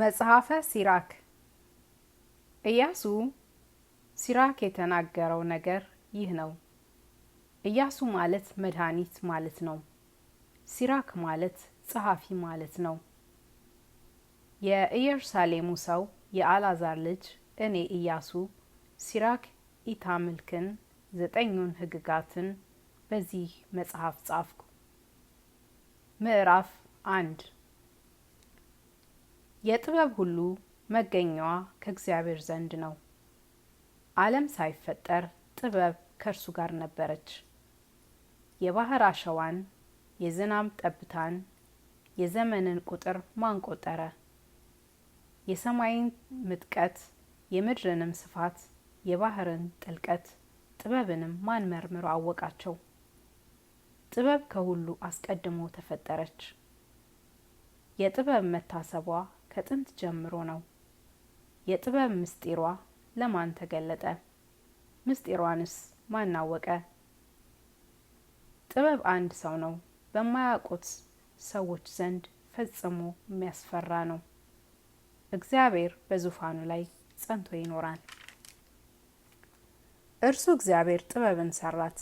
መጽሐፈ ሲራክ ኢያሱ ሲራክ የተናገረው ነገር ይህ ነው። ኢያሱ ማለት መድኃኒት ማለት ነው። ሲራክ ማለት ጸሐፊ ማለት ነው። የኢየሩሳሌሙ ሰው የአልዓዛር ልጅ እኔ ኢያሱ ሲራክ ኢታምልክን ዘጠኙን ሕግጋትን በዚህ መጽሐፍ ጻፍኩ። ምዕራፍ አንድ የጥበብ ሁሉ መገኛዋ ከእግዚአብሔር ዘንድ ነው። ዓለም ሳይፈጠር ጥበብ ከእርሱ ጋር ነበረች። የባህር አሸዋን፣ የዝናብ ጠብታን፣ የዘመንን ቁጥር ማን ቆጠረ? የሰማይን ምጥቀት፣ የምድርንም ስፋት፣ የባህርን ጥልቀት ጥበብንም ማን መርምሮ አወቃቸው? ጥበብ ከሁሉ አስቀድሞ ተፈጠረች። የጥበብ መታሰቧ ከጥንት ጀምሮ ነው። የጥበብ ምስጢሯ ለማን ተገለጠ? ምስጢሯንስ ማን አወቀ? ጥበብ አንድ ሰው ነው፣ በማያውቁት ሰዎች ዘንድ ፈጽሞ የሚያስፈራ ነው። እግዚአብሔር በዙፋኑ ላይ ጸንቶ ይኖራል። እርሱ እግዚአብሔር ጥበብን ሰራት፣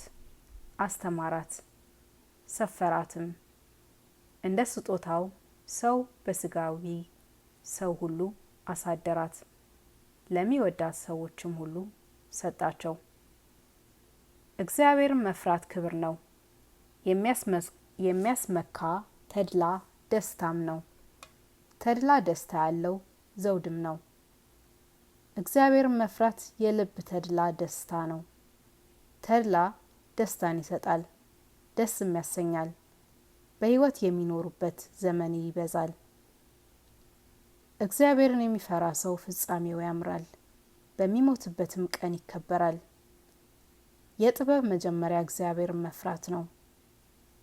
አስተማራት፣ ሰፈራትም እንደ ስጦታው ሰው በስጋዊ ሰው ሁሉ አሳደራት፣ ለሚወዳት ሰዎችም ሁሉ ሰጣቸው። እግዚአብሔርን መፍራት ክብር ነው፣ የሚያስመካ ተድላ ደስታም ነው። ተድላ ደስታ ያለው ዘውድም ነው። እግዚአብሔርን መፍራት የልብ ተድላ ደስታ ነው። ተድላ ደስታን ይሰጣል፣ ደስም ያሰኛል። በሕይወት የሚኖሩበት ዘመን ይበዛል። እግዚአብሔርን የሚፈራ ሰው ፍጻሜው ያምራል፣ በሚሞትበትም ቀን ይከበራል። የጥበብ መጀመሪያ እግዚአብሔርን መፍራት ነው።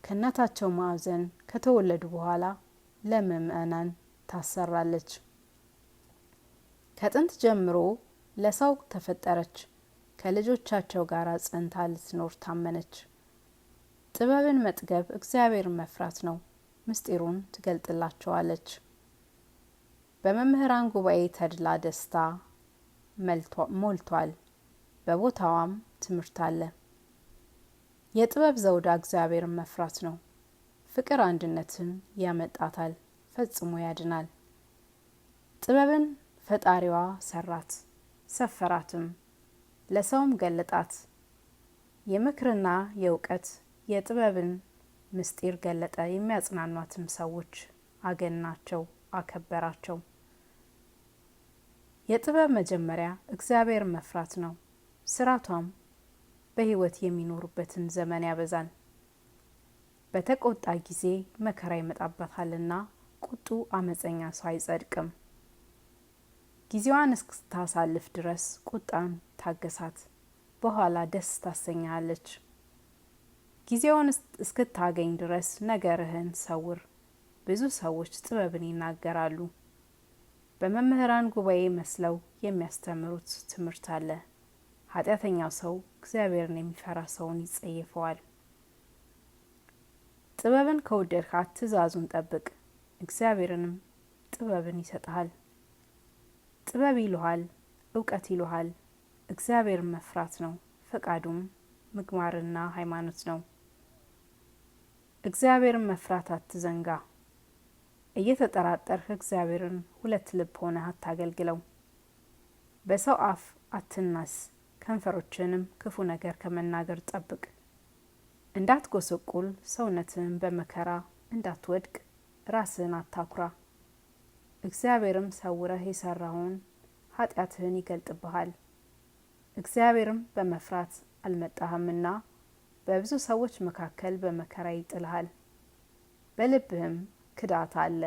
ከእናታቸው ማዕዘን ከተወለዱ በኋላ ለምዕመናን ታሰራለች። ከጥንት ጀምሮ ለሰው ተፈጠረች፣ ከልጆቻቸው ጋር ጸንታ ልትኖር ታመነች። ጥበብን መጥገብ እግዚአብሔርን መፍራት ነው። ምስጢሩን ትገልጥላቸዋለች። በመምህራን ጉባኤ ተድላ ደስታ ሞልቷል። በቦታዋም ትምህርት አለ። የጥበብ ዘውዳ እግዚአብሔርን መፍራት ነው። ፍቅር አንድነትን ያመጣታል፣ ፈጽሞ ያድናል። ጥበብን ፈጣሪዋ ሰራት፣ ሰፈራትም፣ ለሰውም ገለጣት። የምክርና የእውቀት የጥበብን ምስጢር ገለጠ። የሚያጽናኗትም ሰዎች አገናቸው፣ አከበራቸው። የጥበብ መጀመሪያ እግዚአብሔር መፍራት ነው። ስራቷም በህይወት የሚኖሩበትን ዘመን ያበዛል። በተቆጣ ጊዜ መከራ ይመጣበታልና ቁጡ አመፀኛ ሰው አይጸድቅም። ጊዜዋን እስክታሳልፍ ድረስ ቁጣን ታገሳት፣ በኋላ ደስ ታሰኛለች። ጊዜውን እስክታገኝ ድረስ ነገርህን ሰውር። ብዙ ሰዎች ጥበብን ይናገራሉ በመምህራን ጉባኤ መስለው የሚያስተምሩት ትምህርት አለ። ኃጢአተኛው ሰው እግዚአብሔርን የሚፈራ ሰውን ይጸየፈዋል። ጥበብን ከወደድካት ትእዛዙን ጠብቅ፣ እግዚአብሔርንም ጥበብን ይሰጥሃል። ጥበብ ይሉሃል፣ እውቀት ይሉሃል። እግዚአብሔርን መፍራት ነው፣ ፈቃዱም ምግባርና ሃይማኖት ነው። እግዚአብሔርን መፍራት አትዘንጋ። እየተጠራጠርህ እግዚአብሔርን ሁለት ልብ ሆነህ አታገልግለው። በሰው አፍ አትናስ፣ ከንፈሮችንም ክፉ ነገር ከመናገር ጠብቅ። እንዳትጎሰቁል፣ ሰውነትህን በመከራ እንዳትወድቅ ራስህን አታኩራ። እግዚአብሔርም ሰውረህ የሰራውን ኃጢአትህን ይገልጥብሃል። እግዚአብሔርም በመፍራት አልመጣህምና በብዙ ሰዎች መካከል በመከራ ይጥልሃል። በልብህም ክዳት አለ።